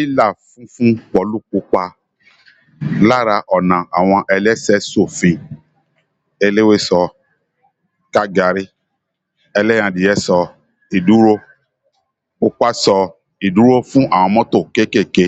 Ìlà funfun pẹ̀lú pupa lára ọ̀nà àwọn ẹlẹ́sẹ̀-ṣòfin, eléwé sọ Kàgàrí, ẹlẹ́yinadìẹ sọ ìdúró, pupa sọ ìdúró fún àwọn mọ́tò kéékèèké.